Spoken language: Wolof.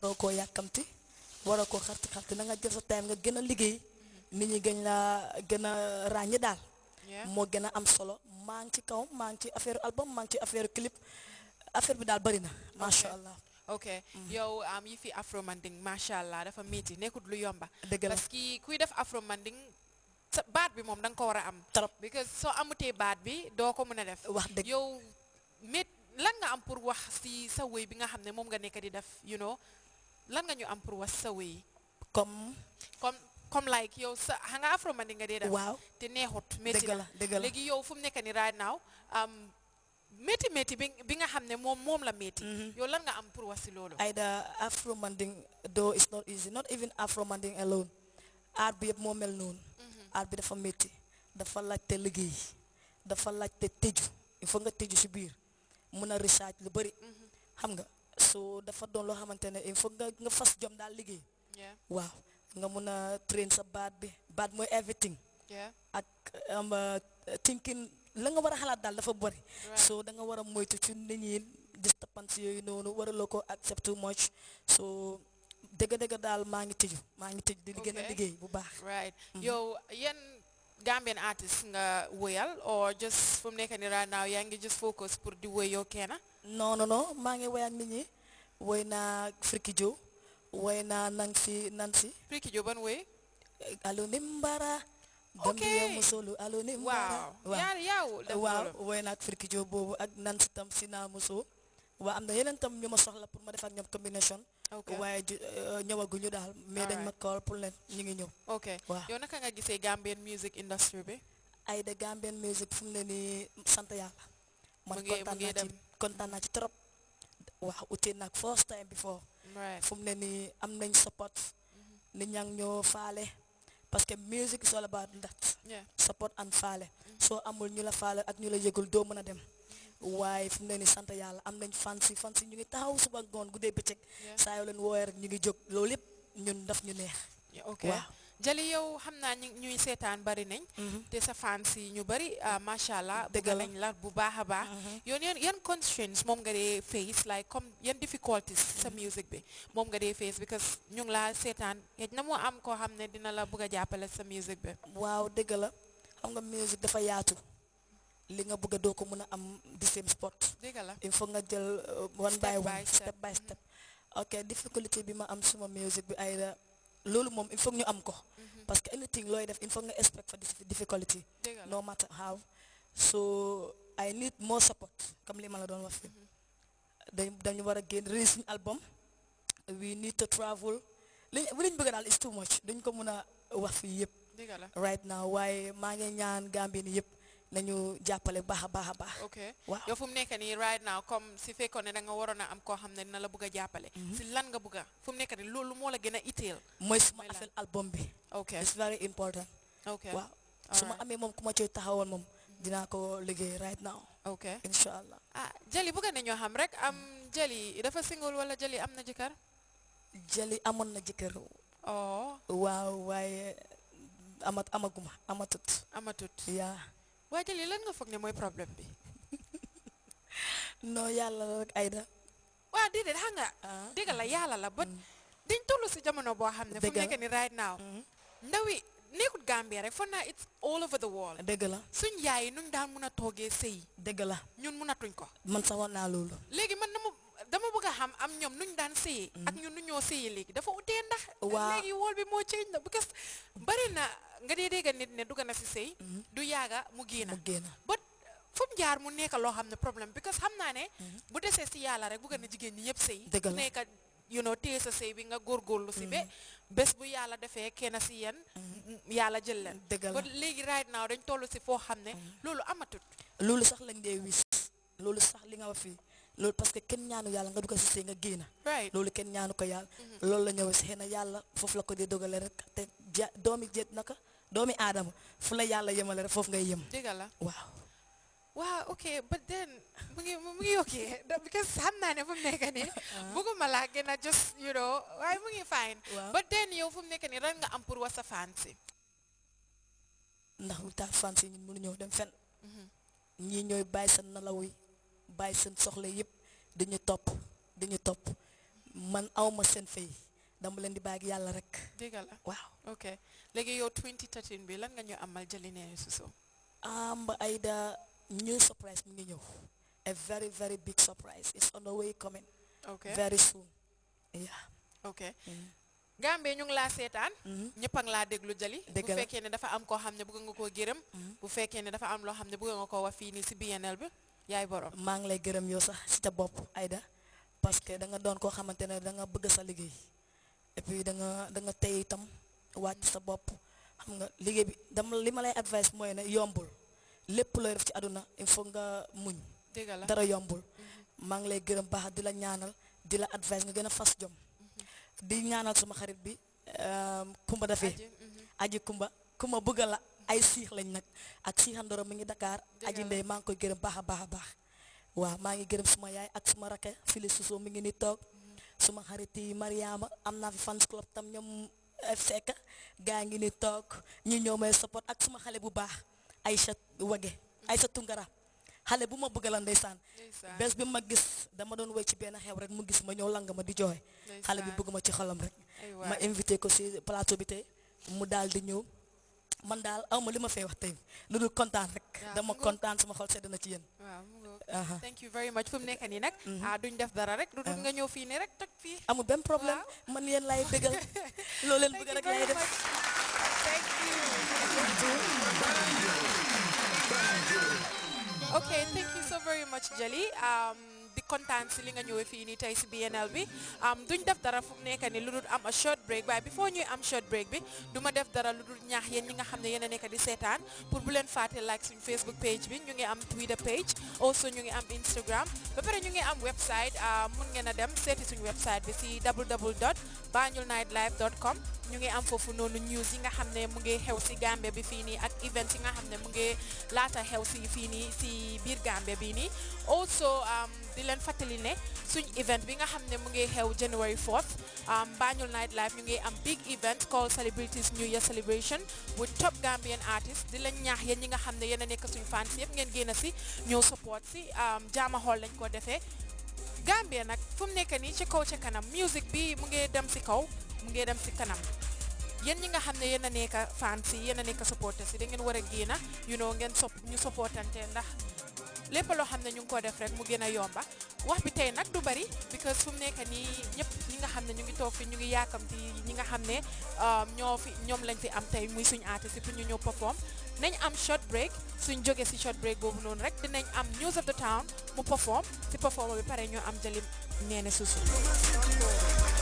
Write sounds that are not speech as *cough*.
waroo ko yàkkamti waroo ko xarti xarti na nga jël sa time nga gën a liggéey mm-hmm. nit ñi gën laa gën a ràññi daal moo gën a am solo maa ngi ci kaw maa ngi ci affaire album maa ngi ci affaire clip affaire bi daal bari na macha allah ok mm-hmm. yow am yi fi afro manding macha allah dafa métti nekkut lu yomba parce que kuy def afro manding baat bi moom da nga ko war a am trop because soo amutee baat bi doo ko mën a def wax dëgg yow mét lan nga am pour wax si sa wéy bi nga xam ne moom nga nekk di def you lan nga ñu am pour wax sa wéy comme comme comme like yow sa xa nga afro mandi nga dee def te neexut métti la léegi yow fu mu nekk ni right now métti métti bi nga xam ne moom moom la métti mhm. yow lan nga am pour wax si loolu ayda afro manding though it's not easy not even afro manding alone aar bi yëpp moo mel noonu mhm. aar bi dafa métti dafa laajte liggéey dafa laajte tëju il faut nga tëju si biir mun a research lu bari mhm. xam nga so dafa doon loo xamante ne il faut nga nga fas jom daal liggéey. waaw nga mun a train sa baat bi baat mooy everything. ak am uh, thinking la nga war a xalaat daal dafa bëri. so da nga war a moytu ci nit ñi disturbance yooyu noonu war waraloo ko accept too much so. dëgg-dëgg daal maa ngi tëju maa ngi tëju di gën a liggéey bu baax. right mhm. yow yan Gambian artist nga woyal or just fu mu nekk nii yaa ngi just focus pour di wéy yow keena noonu non maa ngi woy ak nit ñi woy naa Friki Jo woy naa Nancy si Friki si ban woy. allo Nimbara. ok Gambia musolu allo Nimbara. waaw yaaw def waaw woy naa ak Friki Jo boobu ak Nancy tam si naa muso. waaw na yeneen tam ñu ma soxla pour ma def ak ñoom combination. waaye euh, ñëwaguñu daal. mais dañ ma call pour leen ñu ngi ñëw. ok yow naka nga gisee Gambian music industry bi. ay de Gambian music fu ne nii sant yàlla. man kontaan naa ci kontaan naa ci trop wax uti nag first time before fu mu ne nii am nañ support mm-hmm. nit ñaa ñoo faale parce que music is all about ndax support and faale mm-hmm. soo amul ñu la faale ak ñu la yëgul doo mën a dem waaye fu mu ne ni sant yàlla am nañ fan si fan si ñu ngi taxaw suba ngoon guddee bëccëg saa yoo leen woowee rek ñu ngi jóg loolu yëpp ñun daf ñu neex waaw jali yow xam naa ñuy seetaan bari nañ mm-hmm. te sa fans ñu bari ah, macha allah bëgg nañ la bu baax a baax mm-hmm. yoon yeen yan constraints moom nga dee face like comme yan difficulties sa mm-hmm. music bi moom nga dee face because ñu ngi laa seetaan xëj na moo am koo xam ne dina la bëgg a jàppale sa music bi waaw dëgg la xam nga music dafa yaatu li nga bëgg doo ko mën a am di same sport dëgg la il faut nga jël uh, one by one step by step ok difficulté bi ma am suma music bi ay loolu moom il faut ñu am ko mhm. parce que anything looy def il faut nga expect for this difficulty no matter how so I need more support comme li ma la doon wax fi mhm. dañ dañu war a release suñu album we need to travel li liñ bëgg daal is too much duñ ko mën a wax fii yëpp right now Why maa ngi ñaan Gambie yëpp nañu jàppale baax a baax a baax. ok yow fu mu nekk nii right now comme si fekkoon ne da waroon a am koo xam ne dina la bëgg a jàppale. Mhm. si lan nga bëgg fu mu nekk nii loolu moo la gën a itteel. mooy suma affaire album bi. ok it's very important. ok waaw su ma amee moom ku ma ci taxawoon moom dina ko liggéey right now. ok incha allah. ah Jali bëgg ñoo xam rek am Jali dafa single wala Jali am na jëkkër. Jali amoon na jëkkër. oh waaw waaye amat amaguma amatut. amatut waa jëlee lan nga foog ne mooy problème bi. *laughs* non yàlla la rek Aida. waaw déedéet xam nga. Ah. la yàlla la ba. Mm. dañ toll si jamono boo xam ne. fu mu nekk nii right now. Mm. ndawi nekkut Gambia rek foog naa it's all over the world. dëgg la suñ yaay yi nuñ daan mun a toogee sëy. dëgg la ñun munatuñ ko. man sax war naa loolu. léegi man na mu. dama bëgg a xam am ñoom ñu daan sëy mm. ak ñun nu ñoo sëyi léegi dafa utee ndax léegi wool bi moo change na because bari na nga dee dégga nit ne dugg na si sëy mm. du yaaga mu génna but fu mu jaar mu nekk loo xam ne problème because xam naa ne mm. bu desee si yàlla rek bëgg na jigéen ñi yëpp sëy nekka you know téye sa sëy bi nga góorgóorlu si be bés bu yàlla defee kenn si yéen yàlla jël leen ba léegi right now dañ toll si foo xam ne loolu amatut loolu sax lañ dee wis loolu sax li nga wax fii loolu parce que kenn ñaanu yàlla nga dugg si sëy nga génn loolu kenn ñaanu ko yàlla mm-hmm. loolu la ñëwee si xëy na yàlla foofu la ko di dogale rek te ja doomi jeet naka doomi aadama fu la yàlla yemale rek foofu ngay yem dëgg la waaw waaw *laughs* naa ne fu mu nekk nii *laughs* ah. bëgguma laa gën a just you yow fu mu nekkee nii ran nga am pour wasa fansi ndax wita fansi ñun ñëw dem fen mm-hmm. ñii ñooy bàyyi sa nalaw yi Bay sen soxla yep dañu top dañu top man awma sen fay dama len di bag yalla rek degal wow okay ok yo 2013 bi lan nga ñu amal Jallow suso am ba Aida new surprise mi ngi ñew a very very big surprise it's on the way coming okay very soon yeah okay mm -hmm. gambe ñu mm-hmm. la ñëpp ñepp ngi la déglu Jali bu fekkee ne dafa am ko xam ne bëgg nga ko gërem mm-hmm. bu fekkee ne dafa am lo xam bëgg nga ko wa fini nii BNL bi yaay borom ma ngi lay gërëm yow sax si ta bop Aida parce que da nga doon ko xamantene epi da nga bëgg sa liggéey et puis da nga da nga tey itam wàcc sa bop xam nga liggéey bi dama li ma lay advice mooy ne yombul lépp looy def ci aduna il faut nga muñ. dara yombul. ma ngi lay gërëm baax di ñaanal di advice nga gën a fas jom. di ñaanal suma xarit bi Kumba dafee aji mhm. Kumba Kumba bëgg la. ay siix lañ nag ak siixandoro mi ngi dakaar aji ndey maa ngi koy gërëm baax a baax a baax waaw maa ngi gërëm suma yaay ak suma rake fili suso mi ngi ni toog mm-hmm. suma xarit yi Mariama am naa fi fans club tam ñoom eh, fekk gaa ngi ni toog ñu ñoo may support ak suma xale bu baax ay Aïcha Wage mm-hmm. Aïcha ngara xale bu ma bëgg la ndeysaan bés bi ma gis dama doon wey ci benn xew rek mu gis ma ñëw lang ma di jooy xale bi bëgg ma ci xolam rek ma invité ko si plateau mu daal di ñëw man dal awma lima fay wax tay lu dul rek dama contane sama xol sedna ci yeen thank you very much fum mu nekk nii mhm. ah duñ def dara rek lu dul nga ñëw fi nii rek tok fi amu ben problème man yeen lay deggal *laughs* lo leen bëgg rek lay def thank you okay thank you so very much Jelly. um di kontaan si li nga ñëwee fii nii tey si BNL bi duñ def dara fu nekk ni lu dul am a short break waaye before ñuy am short break bi du def dara lu dul ñaax yéen ñi nga xam ne yéen a nekk di seetaan pour bu leen fàtte like suñ Facebook page bi ñu ngi am Twitter page also ñu ngi am Instagram ba pare ñu ngi am website ah, mun ngeen dem seeti suñ website bi si www dot banjulnightlife dot com ñu ngi am foofu noonu news yi nga xam ne mu ngi xew si Gambia bi fii nii ak event yi nga xam mu ngi laata xew si fii nii si biir Gambia bii nii also um, di leen fàttali ne suñ event bi nga xam mu ngi xew January 4th um, Banjul Night Live ñu ngi am big event called Celebrities New Year Celebration with top Gambian artists di leen ñaax yéen ñi nga xam ne yéen a suñ fans yëpp ngeen génn si ñoo support si um, Jaama Hall lañ ko defee Gambia nag fu mu nekk nii ci kaw ca kanam music bi mu ngi dem si kaw mu ngee dem si kanam yéen ñi nga xam ne yéen a nekk fans yi yéen a nekk supporters yi da ngeen war a génna yu know ngeen sop ñu supportante ndax lépp loo xam ne ñu ngi ko def rek mu gën a yomba wax bi tey nag du bari because fu mu nekk nii ñëpp ñi nga xam ne ngi toog fi ñu ngi yaakamti ñi nga xam ne um, ñoo fi ñoom lañ fi am tey muy suñu artiste pour ñu ñëw perform nañ am short break suñ jóge si short break boobu noonu rek dinañ am news of the town mu perform si perform bi pare ñoo am jëlim nee na